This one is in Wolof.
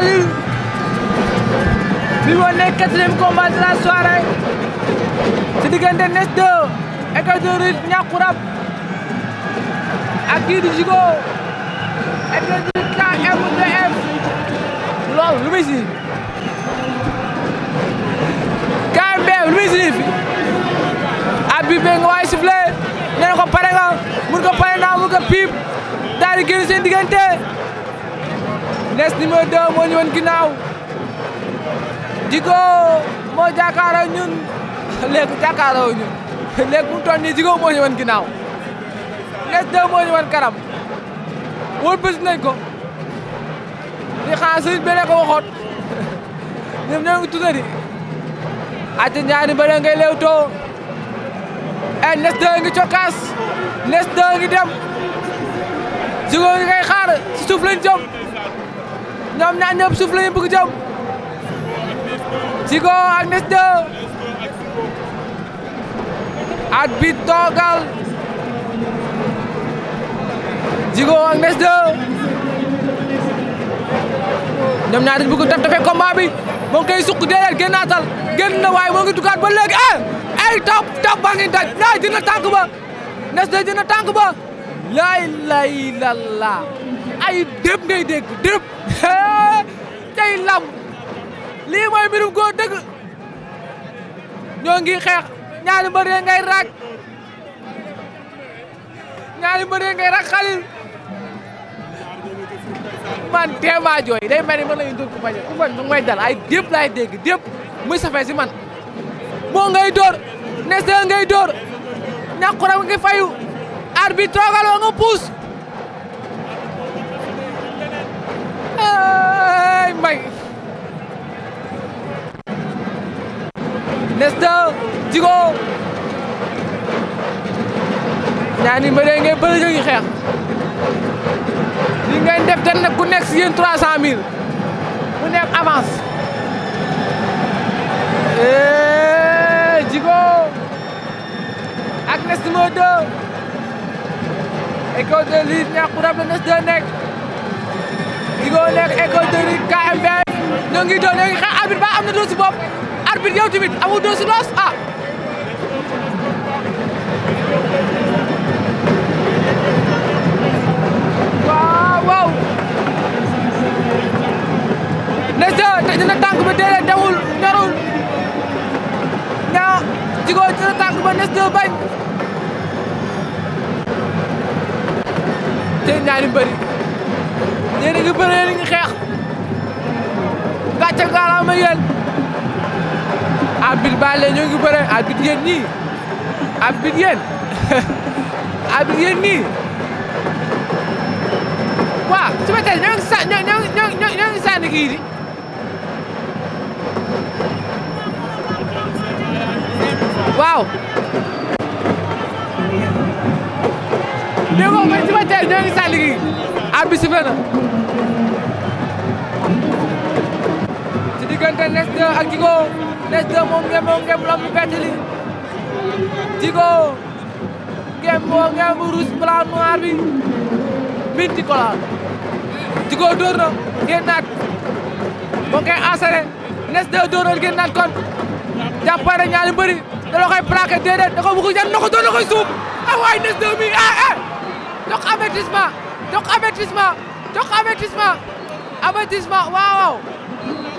Khalil bi moo nekk quatrième combat ci diggante Ness 2 école de lutte Niakou Rab ak di Jigo école de lutte lu muy si KMB lu si fi at ko pare nga mun ko pare naa mun ko piip diggante Ness numéro 2 moo ñu woon ginnaaw Djigo moo jàkkaaroo ñun léegi jàkkaaroo ñun léegi mu toll nii Djigo moo ñu woon ginnaaw Ness 2 moo ñu woon kanam wóor nañ ko di xaar sëriñ bi ko waxoon ñoom ñoo ngi tuddati aca ñaari mbër ngay leewtoo e eh, Ness 2 ngi cokkaas Ness 2 ngi dem Djigo ngi koy xaar si ñoom ñaar ñëpp suuf la ñu bëgg jëm Zigo ak Ness 2 at bi toogal Zigo ak Ness ñoom ñaar dañu bëgg def defee combat moo ngi koy suq déedéet génn naatal génn na waaye moo ngi dugaat ba léegi eh ay tap tap baa ngi daj laay dina tànk ba Ness 2 dina tànk ba laay lay lalla ay dépp ngay dégg dépp tey làmb lii mooy mbirum góor dëgg ñoo ngi xeex ñaari mbër yee ngay raag ñaari mbër yee ngay raag xalil man teemaa jooy day mel ni man lañu dóor ku bañ ku bañ mu may dal ay dépp laay dégg dépp muy safee si man moo ngay dóor ne seen ngay dóor ñàkkuram ngi fayu arbitre toogal wa nga puus Djigo ñaani mbëree ngay bëri xeex li ngeen def ten ku nekk si yéen 300000 mu nekk avance ee eh, Djigo ak Ness numéro 2 école de lutte rab la Ness nekk Djigo nekk école de lutte KMBF ñoo ngi doon xeex arbitre ba am na doo bopp arbitre yow tamit amul doo si loos bañ te ñaari mbëri yéen a ngi bëree li ngi xeex gàcce ngaalaama yéen arbitre baa leen ñoo ngi bëree arbitre yéen nii arbitre yéen arbitre yéen nii waaw su ma tey ñoo ngi dégg nga man cimetière ñoo ngi sànni gi arbitre sifflé na diggante ak Djigo Ness 2 moom ngeen moo ngeen lom bu bett li Djigo ngeen moo minti ko laal Djigo dóor na ngeen naat moo koy asare Ness 2 kon jàppare ñaari mbëri da la koy ko bëgg a jël ko doon na koy suuf ah waay Ness dox avertissement dox avertissement dox avertissement avertissement waaw waaw